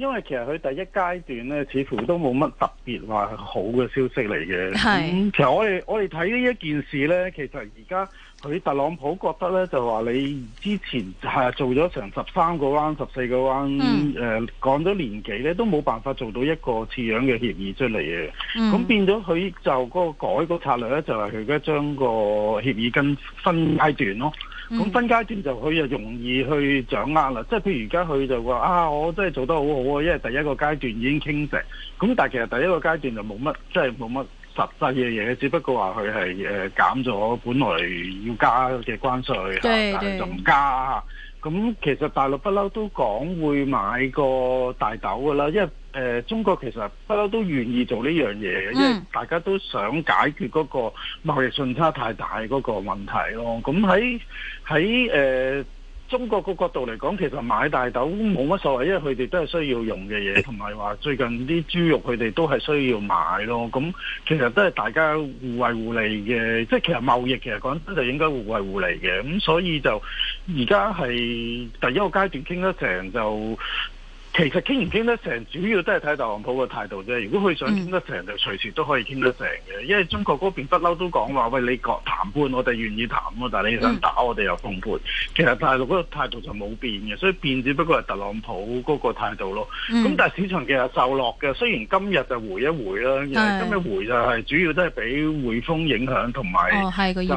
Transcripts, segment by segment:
因為其實佢第一階段咧，似乎都冇乜特別話好嘅消息嚟嘅。係、嗯、其實我哋我哋睇呢一件事咧，其實而家。佢特朗普覺得咧，就話你之前係做咗成十三個彎、十四個彎，誒講咗年幾咧，都冇辦法做到一個似樣嘅協議出嚟嘅。咁、嗯、變咗佢就嗰個改個策略咧，就係佢而家將個協議跟分階段咯。咁、嗯、分階段就佢就容易去掌握啦。即、嗯、係譬如而家佢就話啊，我真係做得好好啊，因為第一個階段已經傾成。咁但係其實第一個階段就冇乜，即係冇乜。實際嘅嘢，只不過話佢係減咗本來要加嘅關稅嚇，但係就唔加。咁其實大陸不嬲都講會買個大豆㗎啦，因為、呃、中國其實不嬲都願意做呢樣嘢，因為大家都想解決嗰個貿易順差太大嗰個問題囉。咁喺喺呃中國個角度嚟講，其實買大豆冇乜所謂，因為佢哋都係需要用嘅嘢，同埋話最近啲豬肉佢哋都係需要買咯。咁其實都係大家互惠互利嘅，即係其實貿易其實講真就應該互惠互利嘅。咁所以就而家係第一個階段傾得成就。其實傾唔傾得成，主要都係睇特朗普嘅態度啫。如果佢想傾得成，嗯，就隨時都可以傾得成嘅。因為中國嗰邊不嬲都講話，喂，你講談判，我哋願意談咯。但係你想打，我哋又奉陪。嗯，其實大陸嗰個態度就冇變嘅，所以變只不過係特朗普嗰個態度咯。咁，嗯，但係市場其實受落嘅，雖然今日就回一回啦，因為今日回就係主要都係俾匯豐影響，同埋就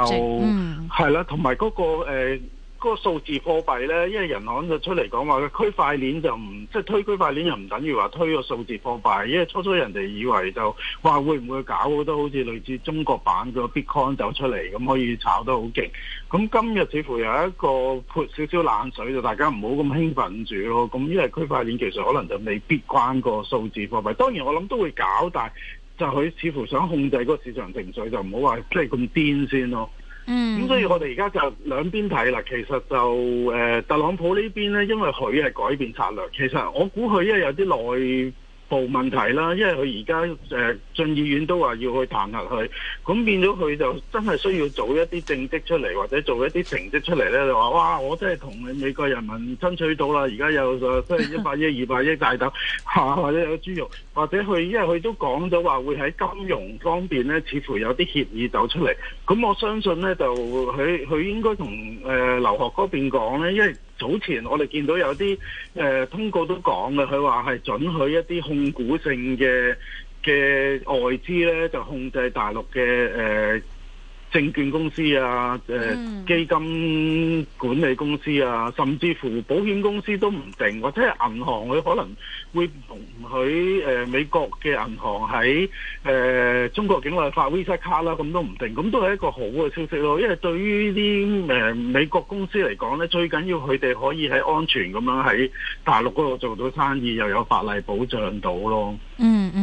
係啦，同埋嗰個誒。呃個數字貨幣呢，因為人行就出嚟講話，區塊鏈就唔即係推區塊鏈，就唔等於話推個數字貨幣。因為初初人哋以為就話會唔會搞好多好似類似中國版個 Bitcoin 走出嚟咁，可以炒得好勁。咁今日似乎有一個潑少少冷水，就大家唔好咁興奮住咯。咁因為區塊鏈其實可能就未必關個數字貨幣。當然我諗都會搞，但係就佢似乎想控制個市場情緒，就唔好話即係咁癲先咯。嗯，咁所以我哋而家就兩邊睇啦。其實就誒，特朗普呢邊咧，因為佢係改變策略，其實我估佢因為有啲內。冇問題啦，因為佢而家誒進議院都話要去彈劾佢，咁變咗佢就真係需要做一啲政績出嚟，或者做一啲成績出嚟咧，就話哇，我真係同美國人民爭取到啦，而家有即係一百億、二百億大頭嚇、啊，或者有豬肉，或者佢，因為佢都講咗話會喺金融方面咧，似乎有啲協議走出嚟，咁我相信咧就佢佢應該同誒劉鶴嗰邊講咧，因為。早前我哋見到有啲、呃、通告都講嘅，佢話係准許一啲控股性嘅嘅外資咧，就控制大陸嘅、呃證券公司啊、呃嗯，基金管理公司啊，甚至乎保險公司都唔定，或者係銀行佢可能會同佢美國嘅銀行喺、呃、中國境內發 Visa 卡啦，咁都唔定，咁都係一個好嘅消息咯。因為對於啲呃美國公司嚟講咧，最緊要佢哋可以喺安全咁樣喺大陸嗰度做到生意，又有法例保障到咯。嗯嗯。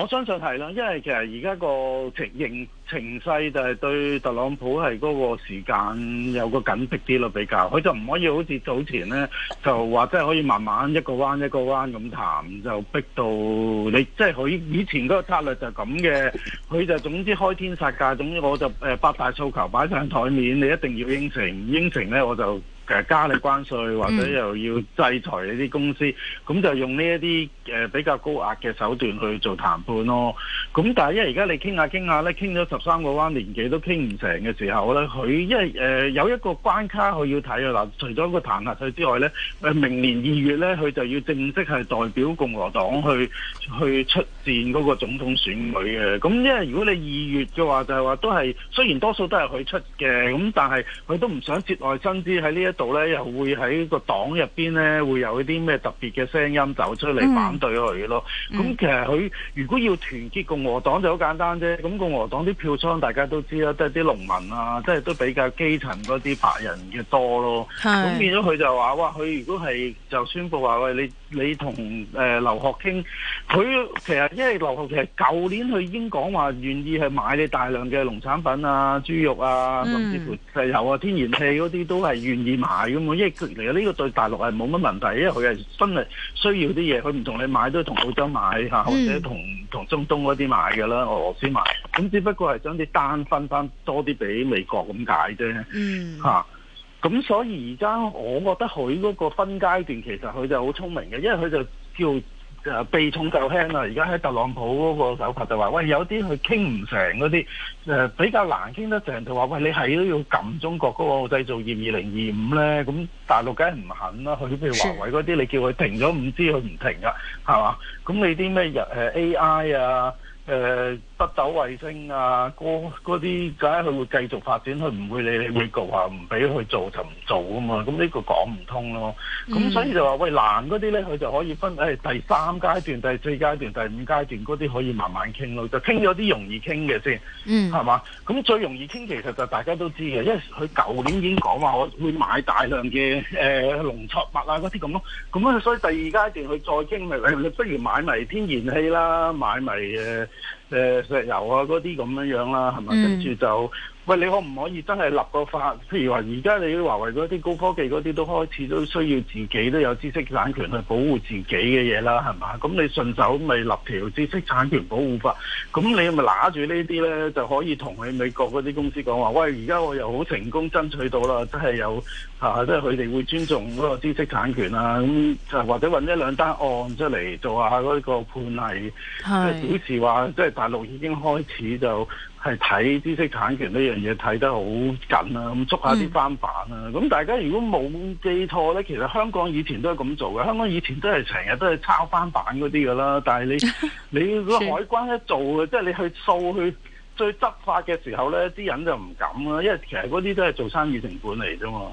我相信係啦，因為其實而家個情形情勢就係對特朗普係嗰個時間有個緊迫啲咯，比較佢就唔可以好似早前呢，就話即係可以慢慢一個彎一個彎咁談，就逼到你，即係佢以前嗰個策略就係咁嘅，佢就總之開天殺價，總之我就誒八大訴求擺上台面，你一定要應承，應承呢，我就。誒加你關稅或者又要制裁你啲公司，咁、嗯、就用呢一啲誒比較高壓嘅手段去做談判咯。咁但係因為而家你傾下傾下咧，傾咗十三個彎年紀都傾唔成嘅時候咧，佢因為誒有一個關卡佢要睇啊，嗱，除咗個彈劾佢之外咧，誒明年二月咧佢就要正式係代表共和黨去去出戰嗰個總統選舉嘅。咁因為如果你二月嘅話，就係、是、話都係雖然多數都係佢出嘅，咁但係佢都唔想節外生枝喺呢一度咧又會喺個黨入邊咧會有一啲咩特別嘅聲音走出嚟反對佢咯。咁、嗯嗯、其實佢如果要團結共和黨就好簡單啫。咁共和黨啲票倉大家都知啦，即係啲農民啊，即、就、係、是、都比較基層嗰啲白人嘅多咯。咁變咗佢就話哇，佢如果係就宣佈話喂你。你同誒、呃、劉鶴傾，佢其實因為劉鶴其實舊年佢已經講話願意去買你大量嘅農產品啊、豬肉啊，甚至乎石油啊、天然氣嗰啲都係願意買嘅嘛，因為其實呢個對大陸係冇乜問題，因為佢係真係需要啲嘢，佢唔同你買都同澳洲買嚇、嗯，或者同同中東嗰啲買㗎啦，俄羅斯買，咁只不過係將啲單分翻多啲俾美國咁解啫，嚇、嗯。啊咁所以而家我覺得佢嗰個分階段其實佢就好聰明嘅，因為佢就叫誒避重就輕啦、啊。而家喺特朗普嗰個手法就話，喂，有啲佢傾唔成嗰啲誒比較難傾得成，就話喂，你係都要撳中國嗰個製造業二零二五咧。咁大陸梗係唔肯啦、啊。佢譬如華為嗰啲，你叫佢停咗，唔知佢唔停㗎，係嘛？咁你啲咩誒 A I 啊，呃北斗衛星啊，嗰啲梗係佢會繼續發展，佢唔會理你會告下唔俾佢做就唔做啊嘛，咁呢個講唔通咯。咁所以就話喂，難嗰啲咧，佢就可以分、哎、第三階段、第四階段、第五階段嗰啲可以慢慢傾咯，就傾咗啲容易傾嘅先，係嘛？咁、嗯、最容易傾其實就大家都知嘅，因為佢舊年已經講話，我會買大量嘅誒農作物啊嗰啲咁咯。咁所以第二階段佢再傾咪、哎、不如買埋天然氣啦，買埋誒石油啊，嗰啲咁樣樣啦，係咪？跟住就，嗯喂，你可唔可以真係立個法？譬如話，而家你華為嗰啲高科技嗰啲都開始都需要自己都有知識產權去保護自己嘅嘢啦，係嘛？咁你順手咪立條知識產權保護法。咁你咪拿住呢啲咧，就可以同佢美國嗰啲公司講話：喂，而家我又好成功爭取到啦，真係有吓，即係佢哋會尊重嗰個知識產權啦，啊。咁就或者揾一兩單案出嚟做下嗰個判例，表示話即係大陸已經開始就。係睇知識產權呢樣嘢睇得好緊啊，咁捉下啲翻版啊。咁、嗯、大家如果冇記錯咧，其實香港以前都係咁做嘅。香港以前都係成日都係抄翻版嗰啲噶啦。但係你你個海關一做，即 係你去掃去最執法嘅時候咧，啲人就唔敢啦、啊，因為其實嗰啲都係做生意成本嚟啫嘛。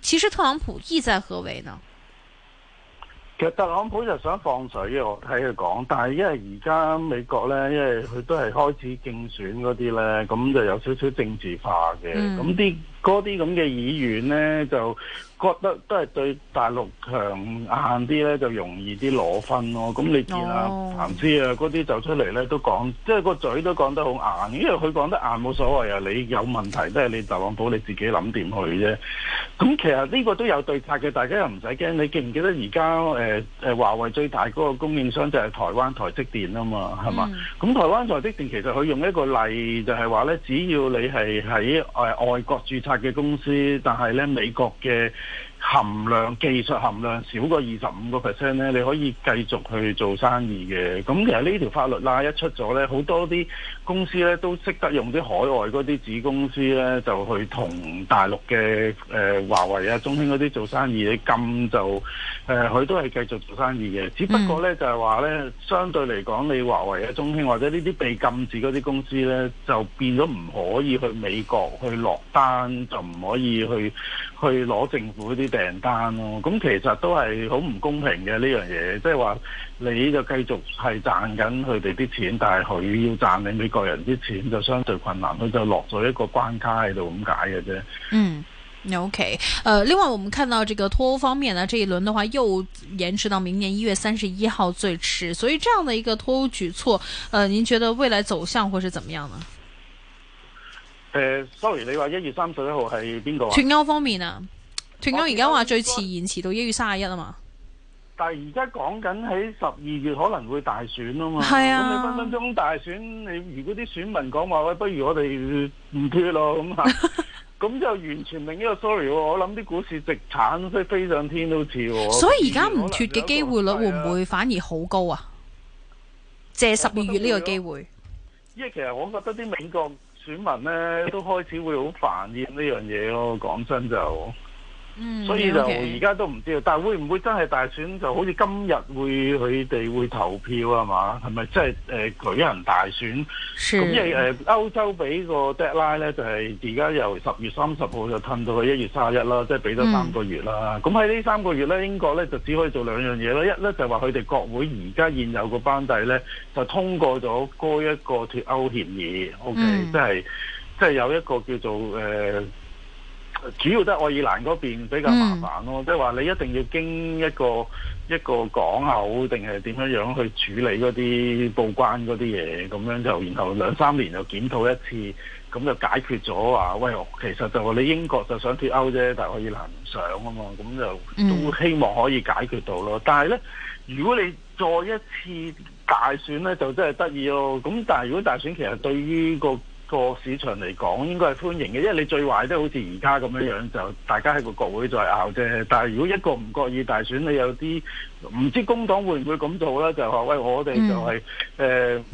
其實特朗普意在何為呢？其實特朗普就想放水喎，我睇佢講。但係因為而家美國呢，因為佢都係開始競選嗰啲呢，咁就有少少政治化嘅。咁、嗯、啲。嗰啲咁嘅議員呢，就覺得都係對大陸強硬啲呢，就容易啲攞分咯。咁你見啊，啊，唔知啊，嗰啲走出嚟呢，都講，即係個嘴都講得好硬。因為佢講得硬冇所謂啊，你有問題都係你特朗普你自己諗掂佢啫。咁其實呢個都有對策嘅，大家又唔使驚。你記唔記得而家誒誒華為最大嗰個供應商就係台灣台積電啊嘛，係嘛，嗯？咁台灣台積電其實佢用一個例就係話呢，只要你係喺誒外國註冊，嘅公司，但係咧美國嘅含量技術含量少過二十五個 percent 咧，你可以繼續去做生意嘅。咁其實呢條法律啦一出咗咧，好多啲。公司咧都識得用啲海外嗰啲子公司咧，就去同大陸嘅誒華為啊、中興嗰啲做生意你禁就誒，佢、呃、都係繼續做生意嘅。只不過咧、嗯、就係話咧，相對嚟講，你華為啊、中興或者呢啲被禁止嗰啲公司咧，就變咗唔可以去美國去落單，就唔可以去去攞政府啲訂單咯。咁其實都係好唔公平嘅呢樣嘢，即係話。就是你就繼續係賺緊佢哋啲錢，但係佢要賺你美國人啲錢就相對困難，佢就落咗一個關卡喺度咁解嘅啫。嗯，OK，呃，另外我們看到這個脫歐方面呢，這一輪的話又延遲到明年一月三十一號最遲，所以這樣的一個脫歐舉措，呃，您覺得未來走向會是怎麼樣呢？誒、呃、sorry，你話一月三十一號係邊個啊？脫歐方面啊，脫歐而家話最遲延遲到一月三十一啊嘛。但係而家講緊喺十二月可能會大選啊嘛，係啊，咁你分分鐘大選，你如果啲選民講話喂，不如我哋唔脱咯咁啊，咁 就完全另一個 sorry 喎，我諗啲股市直情係飛上天都似喎。所以而家唔脱嘅機會率會唔會反而好高啊？借十二月呢個機會？會，因為其實我覺得啲美國選民咧 都開始會好煩厭呢樣嘢咯，講真就。嗯、所以就而家都唔知道，嗯 okay，但係會唔會真係大、呃、大選，就好似今日會，佢哋會投票啊嘛？係咪即係誒舉行大選，咁亦誒歐洲俾個 deadline 咧，就係而家由十月三十號就褪到去一月卅一啦，即係俾咗三個月啦。咁喺呢三個月咧，英國咧就只可以做兩樣嘢啦，一咧就話佢哋國會而家現有個班底咧，就通過咗嗰一個脫歐協議 OK，即係即係有一個叫做誒。呃主要都係愛爾蘭嗰邊比較麻煩咯，即係話你一定要經一個一個港口定係點樣樣去處理嗰啲報關嗰啲嘢，咁樣就然後兩三年就檢討一次，咁就解決咗話，喂，其實就話你英國就想脱歐啫，但係愛爾蘭唔想啊嘛，咁就都希望可以解決到咯。但係呢，如果你再一次大選呢，就真係得意咯。咁但係如果大選其實對於個個市場嚟講應該係歡迎嘅，因為你最壞都好似而家咁樣樣，就大家喺個國會再拗啫。但係如果一個唔覺意大選，你有啲唔知道工黨會唔會咁做咧，就係話喂我哋就係、是、誒、嗯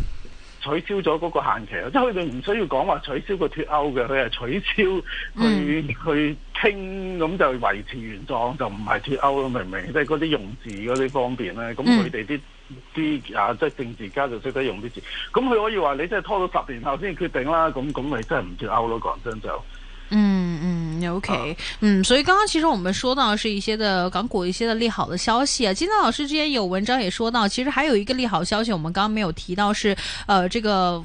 呃、取消咗嗰個限期，即係佢哋唔需要講話取消個脱歐嘅，佢係取消去、嗯、去傾咁就維持原狀，就唔係脱歐咯，明唔明？即係嗰啲用字嗰啲方便咧，咁佢哋啲。啲啊，即係政治家就識得用啲字，咁佢可以話你真係拖到十年後先決定啦，咁咁咪真係唔算 out 咯講真就，嗯嗯，OK，uh，嗯，所以剛剛其實我們說到的是一些嘅港股一些嘅利好的消息啊，金澤老師之前有文章也說到，其實還有一個利好消息，我們剛剛沒有提到是，誒、呃，這個。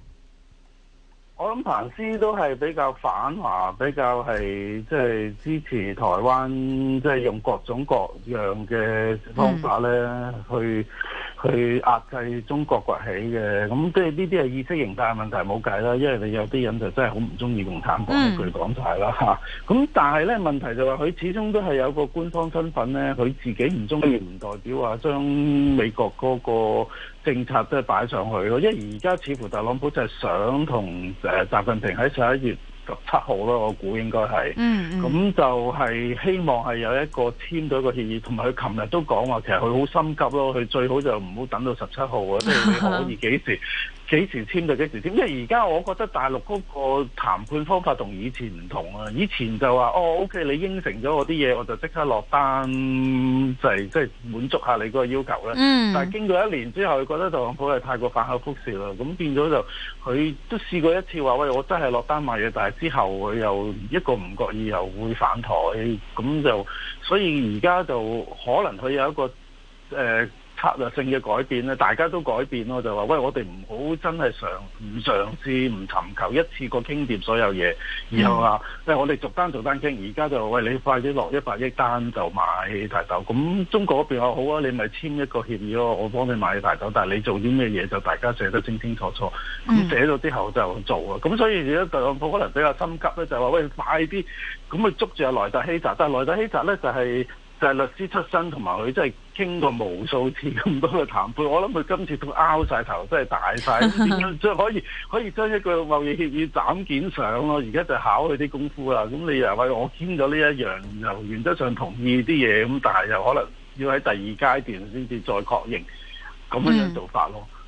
我諗彭斯都係比較反華，比較係即係支持台灣，即係用各種各樣嘅方法咧，mm. 去去壓制中國崛起嘅。咁即係呢啲係意識形態問題，冇計啦。因為你有啲人就真係好唔中意共產黨，佢講就係啦嚇。咁但係咧，問題就話，佢始終都係有個官方身份咧，佢自己唔中意唔代表話將美國嗰個。政策都係擺上去咯，因為而家似乎特朗普就係想同誒習近平喺十一月十七號咯，我估應該係。嗯咁、嗯、就係希望係有一個簽咗一個協議，同埋佢琴日都講話，其實佢好心急咯，佢最好就唔好等到十七號啊，即係你可以幾時？ 幾時簽就幾時簽，因為而家我覺得大陸嗰個談判方法同以前唔同啊！以前就話哦，OK，你應承咗我啲嘢，我就即刻落單，就係即係滿足下你嗰個要求啦。嗯。但係經過一年之後，佢覺得特朗普係太過反口覆舌啦，咁變咗就佢都試過一次話喂，我真係落單買嘢，但係之後佢又一個唔覺意又會反台，咁就所以而家就可能佢有一個誒。呃策略性嘅改變咧，大家都改變咯，就話喂，我哋唔好真係嘗唔嘗試，唔尋求一次過傾掂所有嘢，然後話，即、mm. 哎、我哋逐單逐單傾。而家就喂，你快啲落一百億單就買大豆。咁中國嗰邊又好啊，你咪簽一個協議咯，我幫你買大豆，但係你做啲咩嘢就大家寫得清清楚楚。嗯、mm.。寫咗之後就做啊。咁所以如果特朗普可能比較心急咧，就話喂，快啲咁去捉住阿萊特希澤。但係萊特希澤咧就係、是。就係、是、律師出身，同埋佢真係傾過無數次咁多嘅談判，我諗佢今次都拗晒頭，真係大晒。即係 可以可以將一個貿易協議斬件上咯。而家就考佢啲功夫啦。咁你又為我簽咗呢一樣，由原則上同意啲嘢，咁但係又可能要喺第二階段先至再確認咁樣做法咯。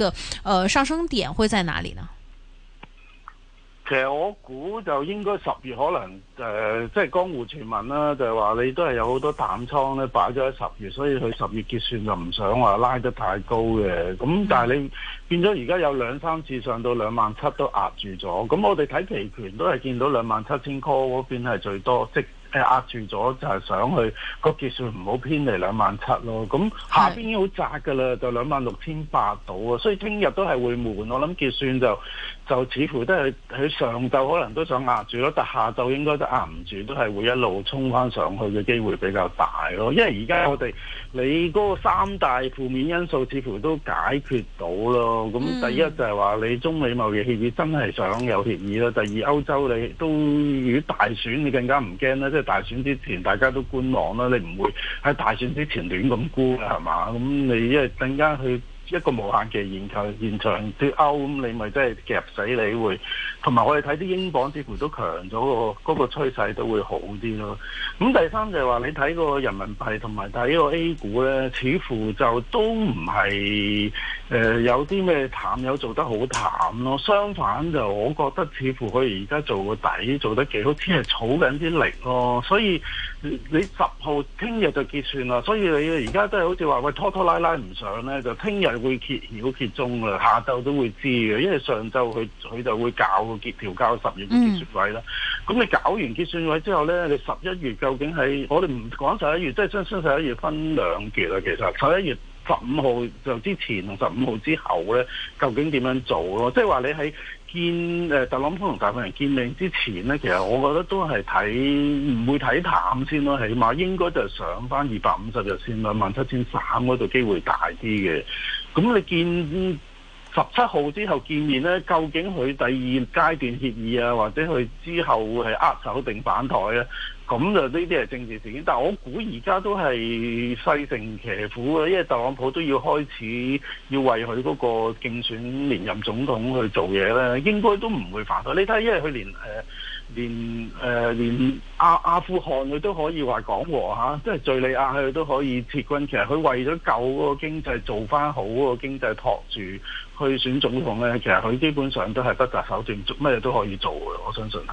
這個、呃，上升點會在哪裏呢？其實我估就應該十月可能，誒、呃，即係江湖傳聞啦，就係話你都係有好多淡倉咧擺咗喺十月，所以佢十月結算就唔想話拉得太高嘅。咁但係你、嗯、變咗而家有兩三次上到兩萬七都壓住咗，咁我哋睇期權都係見到兩萬七千 call 嗰邊係最多即。誒，壓住咗就係想去個結算，唔好偏離兩萬七咯，咁下邊已經好窄㗎啦，就兩萬六千八到啊，所以聽日都係會悶。我諗結算就就似乎都係喺上晝可能都想壓住咯，但下晝應該都壓唔住，都係會一路衝翻上去嘅機會比較大咯。因為而家我哋你嗰三大負面因素似乎都解決到咯。咁第一就係話你中美貿易協議真係想有協議啦，第二歐洲你都如果大選你更加唔驚咧，大選之前大家都觀望啦，你唔會喺大選之前亂咁估啦，係嘛？咁你一陣間去一個無限期現場現場脫歐，咁你咪真係夾死你會。同埋我哋睇啲英鎊，似乎都強咗，嗰個趨勢都會好啲咯。咁第三就係話，你睇個人民幣同埋睇個 A 股咧，似乎就都唔係誒有啲咩淡，有做得好淡咯。相反就，我覺得似乎佢而家做個底做得幾好，只係儲緊啲力咯。所以你十號聽日就結算啦。所以你而家都係好似話喂拖拖拉拉唔上咧，就聽日會揭曉揭盅啦，下晝都會知嘅，因為上晝佢佢就會搞。調調校十月嘅結算位啦，咁你搞完結算位之後呢，你十一月究竟喺我哋唔講十一月，即係雙十一月分兩結啦。其實十一月十五號就之前同十五號之後呢，究竟點樣做咯？即係話你喺見誒、呃、特朗普同大部分人見面之前呢，其實我覺得都係睇唔會睇淡先咯，起碼應該就上翻二百五十日線兩萬七千三嗰度機會大啲嘅。咁你見？十七號之後見面呢，究竟佢第二階段協議啊，或者佢之後係握手定反台咧？咁就呢啲係政治事件，但我估而家都係勢成騎虎啊，因為特朗普都要開始要為佢嗰個競選連任總統去做嘢呢，應該都唔會反台。你睇下，因為佢連連誒、呃、連阿阿富汗佢都可以話講和，即係敍利亞佢都可以撤軍。其實佢為咗救嗰個經濟做，做翻好嗰個經濟，托住去選總統咧。其實佢基本上都係不擇手段，做乜嘢都可以做嘅。我相信係。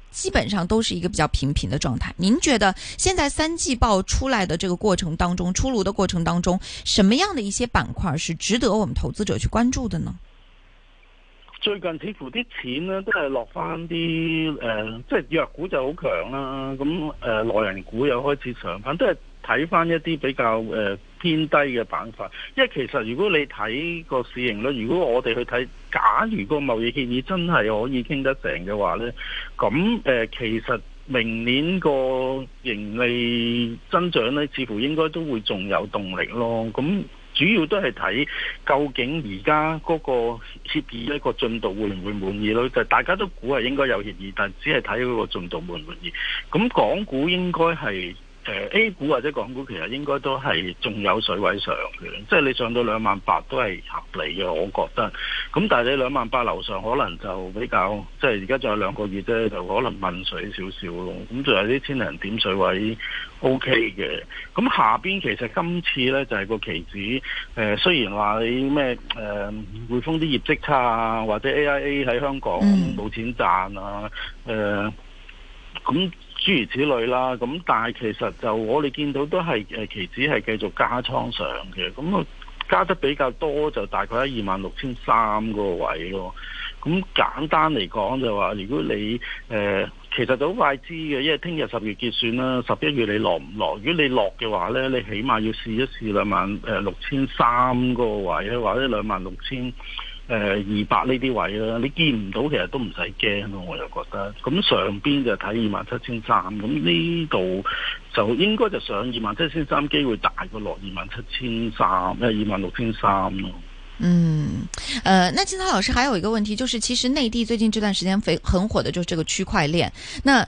基本上都是一個比較平平的狀態。您覺得現在三季報出來的這個過程當中，出爐的過程當中，什麼樣的一些板塊是值得我們投資者去關注的呢？最近似乎啲錢呢都係落翻啲誒，即係藥股就好強啦、啊。咁、呃、誒，內人股又開始上翻，都係睇翻一啲比較誒、呃、偏低嘅板塊。因為其實如果你睇個市盈率，如果我哋去睇。假如個貿易協議真係可以傾得成嘅話呢，咁誒其實明年個盈利增長呢，似乎應該都會仲有動力咯。咁主要都係睇究竟而家嗰個協議呢個進度會唔會滿意咯？就大家都估係應該有協議，但只係睇佢個進度滿唔滿意。咁港股應該係。誒 A 股、或者港股，股其實應該都係仲有水位上嘅，即、就、係、是、你上到兩萬八都係合理嘅，我覺得。咁但係你兩萬八樓上可能就比較，即係而家仲有兩個月啫，就可能悶水少少咯。咁仲有啲千零點水位 OK 嘅。咁下邊其實今次呢，就係個期指誒、呃，雖然話你咩誒匯豐啲業績差啊，或者 AIA 喺香港冇錢賺啊，誒、嗯、咁。呃那諸如此類啦，咁但係其實就我哋見到都係誒期指係繼續加倉上嘅，咁啊加得比較多就大概喺二萬六千三個位咯。咁簡單嚟講就話，如果你誒、呃、其實就好快知嘅，因為聽日十月結算啦，十一月你落唔落？如果你落嘅話咧，你起碼要試一試兩萬六千三個位，或者兩萬六千。誒二百呢啲位啦、啊，你見唔到其實都唔使驚咯，我又覺得咁上邊就睇二萬七千三，咁呢度就應該就上二萬七千三機會大過落二萬七千三，即係二萬六千三咯。嗯，誒、呃，那金曹老師，還有一個問題，就是其實內地最近這段時間非常火的，就是這個區塊鏈，那。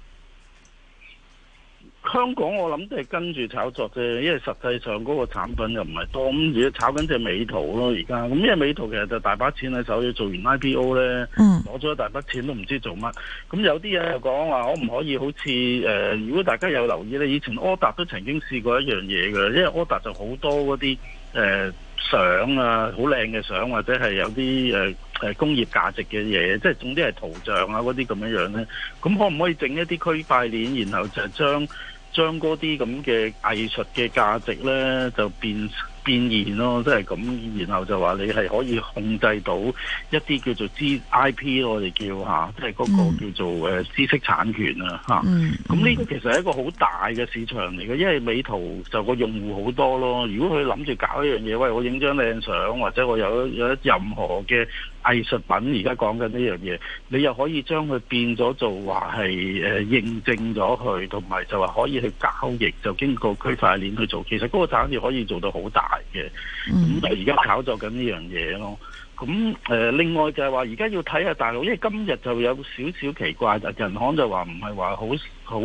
香港我諗都係跟住炒作啫，因為實際上嗰個產品又唔係多咁，而炒緊隻美圖咯而家，咁因為美圖其實就大把錢喺手，要做完 IPO 咧，攞咗一大筆錢都唔知做乜。咁有啲人又講話，可唔可以好似誒、呃，如果大家有留意咧，以前柯達都曾經試過一樣嘢㗎。因為柯達就好多嗰啲誒相啊，好靚嘅相或者係有啲誒、呃、工業價值嘅嘢，即係總之係圖像啊嗰啲咁樣樣咧。咁可唔可以整一啲區塊鏈，然後就將，將嗰啲咁嘅藝術嘅價值呢，就變成。變現咯，即係咁，然後就話你係可以控制到一啲叫做知 IP，我哋叫嚇，即係嗰個叫做誒知識產權、mm -hmm. 啊咁呢、mm -hmm. 個其實係一個好大嘅市場嚟嘅，因為美圖就個用戶好多咯。如果佢諗住搞一樣嘢，喂，我影張靚相，或者我有有任何嘅藝術品，而家講緊呢樣嘢，你又可以將佢變咗做話係誒認證咗佢，同埋就話可以去交易，就經過區塊鏈去做。其實嗰個產業可以做到好大。係、嗯、嘅，咁而家炒作緊呢樣嘢咯。咁誒、呃，另外就係話，而家要睇下大陸，因為今日就有少少奇怪，銀行就話唔係話好好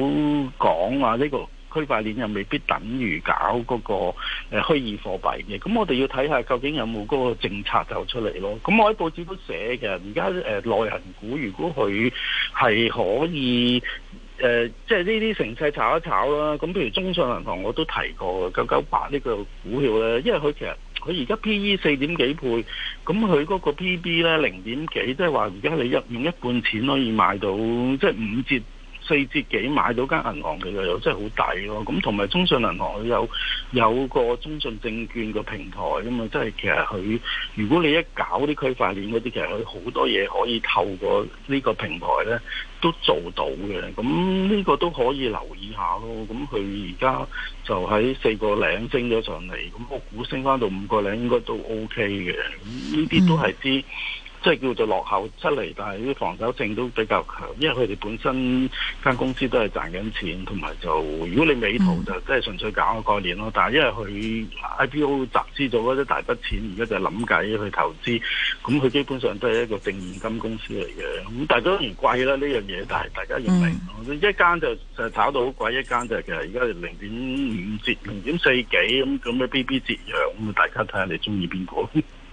講話呢個區塊鏈又未必等於搞嗰、那個誒、呃、虛擬貨幣嘅。咁我哋要睇下究竟有冇嗰個政策就出嚟咯。咁我喺報紙都寫嘅，而家誒內行股，如果佢係可以。誒、呃，即係呢啲成勢炒一炒啦。咁譬如中信銀行，我都提過九九八呢個股票咧，因為佢其實佢而家 PE 四點幾倍，咁佢嗰個 PB 咧，零點幾，即係話而家你一用一半錢可以買到即係五折。四折幾買到間銀行嘅，其實又真係好抵咯。咁同埋中信銀行佢有有個中信證券個平台啊嘛，即係其實佢如果你一搞啲區塊鏈嗰啲，其實佢好多嘢可以透過呢個平台咧都做到嘅。咁呢個都可以留意下咯。咁佢而家就喺四個零升咗上嚟，咁個股升翻到五個零應該都 OK 嘅。咁呢啲都係啲。嗯即係叫做落後出嚟，但係啲防守性都比較強，因為佢哋本身間公司都係賺緊錢，同埋就如果你美圖就即係純粹搞個概念咯。但係因為佢 IPO 集資咗嗰啲大筆錢，而家就諗計去投資，咁佢基本上都係一個淨現金公司嚟嘅。咁但都都唔貴啦呢樣嘢，但係、這個、大家要明一間就就炒到好貴，一間就其實而家零點五折、零點四幾咁咁嘅 BB 折讓，咁大家睇下你中意邊個。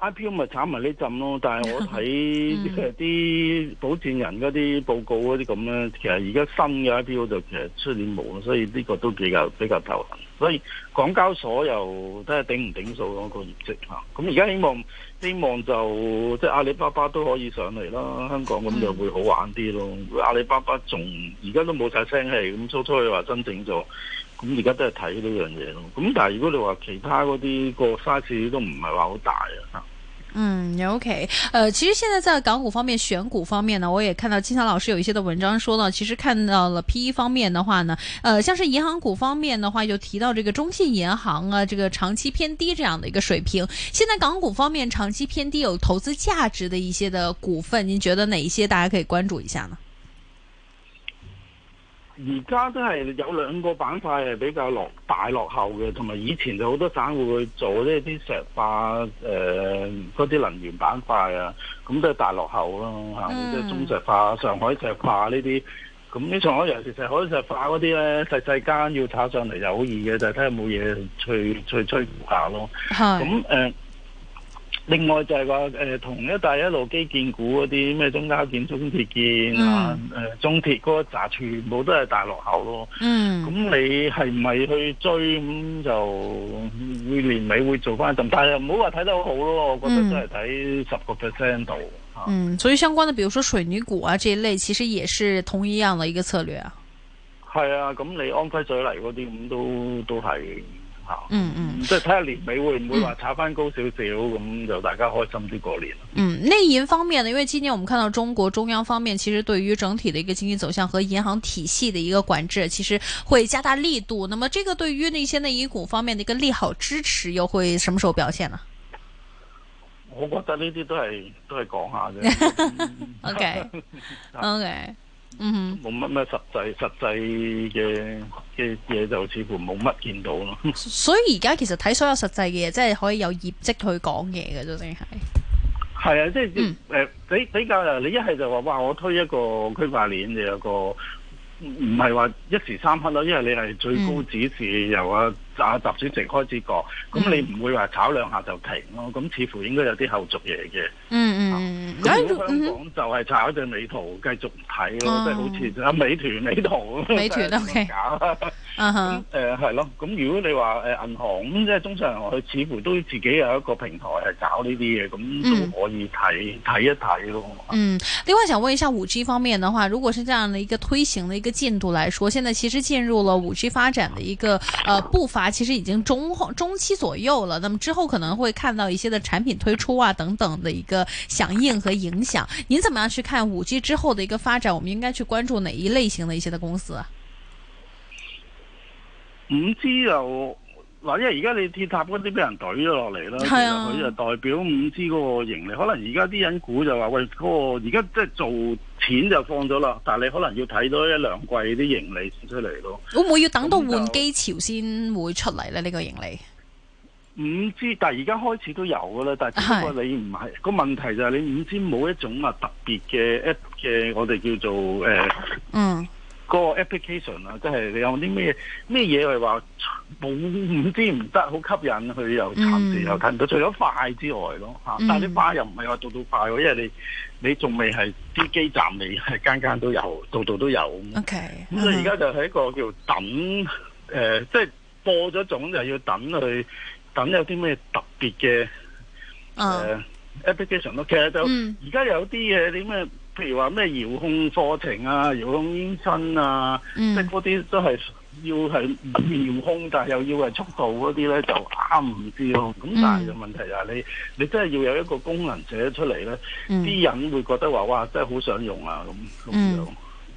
IPO 咪炒埋呢浸咯，但係我睇即係啲保薦人嗰啲報告嗰啲咁咧，其實而家新嘅 IPO 就其實出年冇，所以呢個都比較比較頭痕。所以港交所又睇下頂唔頂數咯個業績吓。咁而家希望希望就即係、就是、阿里巴巴都可以上嚟啦、嗯，香港咁就會好玩啲咯、嗯。阿里巴巴仲而家都冇曬聲氣，咁初初去話申請咗。咁而家都係睇呢樣嘢咯。咁但係如果你話其他嗰啲，那個 size 都唔係話好大啊。嗯，OK，呃。其實現在在港股方面選股方面呢，我也看到金曹老師有一些的文章，說到其實看到了 P E 方面的話呢，呃像是銀行股方面的話，就提到這個中信銀行啊，這個長期偏低這樣的一個水平。現在港股方面長期偏低有投資價值的一些的股份，您覺得哪一些大家可以關注一下呢？而家都係有兩個板塊係比較落大落後嘅，同埋以前就好多省會去做呢啲石化誒嗰啲能源板塊啊，咁都係大落後咯嚇，即係中石化、上海石化呢啲，咁、嗯、呢上海尤其是上海石化嗰啲咧，細細間要炒上嚟就好易嘅，就睇、係、下冇嘢去吹吹高價咯，咁、嗯嗯嗯呃另外就係話誒，同一帶一路基建股嗰啲咩中交建、中鐵建啊，誒、嗯呃、中鐵嗰扎全部都係大落後咯。嗯，咁、嗯嗯、你係咪去追咁就會年尾會做翻一陣，但係唔好話睇得好好咯。我覺得真係睇十個 percent 度。嗯，所以相關嘅，比如說水泥股啊這一類，其實也是同一樣嘅一個策略啊。係、嗯、啊，咁、啊啊、你安徽水泥嗰啲咁都都係。嗯嗯，即係睇下年尾會唔會話炒翻高少少咁，就、嗯、大家開心啲過年。嗯，內銀方面呢？因為今年我們看到中國中央方面其實對於整體的一個經濟走向和銀行體系的一個管制，其實會加大力度。那麼，這個對於那些內銀股方面的一個利好支持，又會什麼時候表現呢、啊？我覺得呢啲都係都係講下啫。O K O K。嗯哼，冇乜乜實際實際嘅嘅嘢就似乎冇乜見到咯。 所以而家其實睇所有實際嘅嘢，即係可以有業績去講嘢嘅都正係。係啊，即係誒比比較啊，你一係就話哇，我推一個區塊鏈就有個。唔係話一時三刻囉，因為你係最高指示、嗯、由阿阿習主席開始過，咁你唔會話炒兩下就停囉，咁似乎應該有啲後續嘢嘅。嗯嗯嗯，咁、啊、香港就係炒一段美圖，嗯、繼續唔睇囉，即、嗯、係、就係、好似美團美圖、嗯、美圖美團啊，OK。Uh -huh. 嗯哼，誒係咯，咁、嗯、如果你話誒銀行咁即係中信銀行，佢似乎都自己有一個平台係搞呢啲嘢，咁都可以睇睇、嗯、一睇咯。嗯，另外想問一下五 G 方面的話，如果是這樣的一個推行的一個進度來說，現在其實進入了五 G 發展的一個，呃步伐其實已經中後中期左右了。那麼之後可能會看到一些的產品推出啊等等的一個響應和影響。 您怎麼樣去看五 G 之後的一個發展？我們應該去關注哪一類型的一些的公司、啊？5G 又，嗱，因為而家你鐵塔嗰啲俾人懟咗落嚟啦，佢、啊、就代表 5G 嗰個盈利。可能而家啲人估就話：喂，嗰、那個而家即係做錢就放咗啦，但係你可能要睇多一兩季啲盈利出嚟咯。會唔會要等到換機潮先會出嚟咧？呢、這個盈利 5G。但係而家開始都有噶啦，但係只不過你唔係個問題就係你 5G 冇一種啊特別嘅嘅我哋叫做誒、呃、嗯。個 application 啊，即係你有啲咩咩嘢係話冇唔知唔得好吸引，佢又暫時、嗯、又睇唔到，除咗快之外咯、嗯、但係啲快又唔係話做到快喎，因為你你仲未係啲機站未係間間都有，度度都有。O K，咁所以而家就係一個叫等誒，即、呃、係、就是、播咗種就要等佢等有啲咩特別嘅、呃 oh. application 咯。其實就而家、嗯、有啲嘢啲咩？你譬如話咩遙控課程啊，遙控健身啊，嗯、即係嗰啲都係要係遙控，但係又要係速度嗰啲咧，就啱啲咯。咁但係個問題就係你，你真係要有一個功能寫出嚟咧，啲、嗯、人會覺得話哇，真係好想用啊咁，咁樣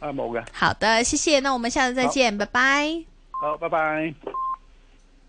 啊，冇嘅。好的，謝謝。那我們下次再見，拜拜。好，好，拜拜。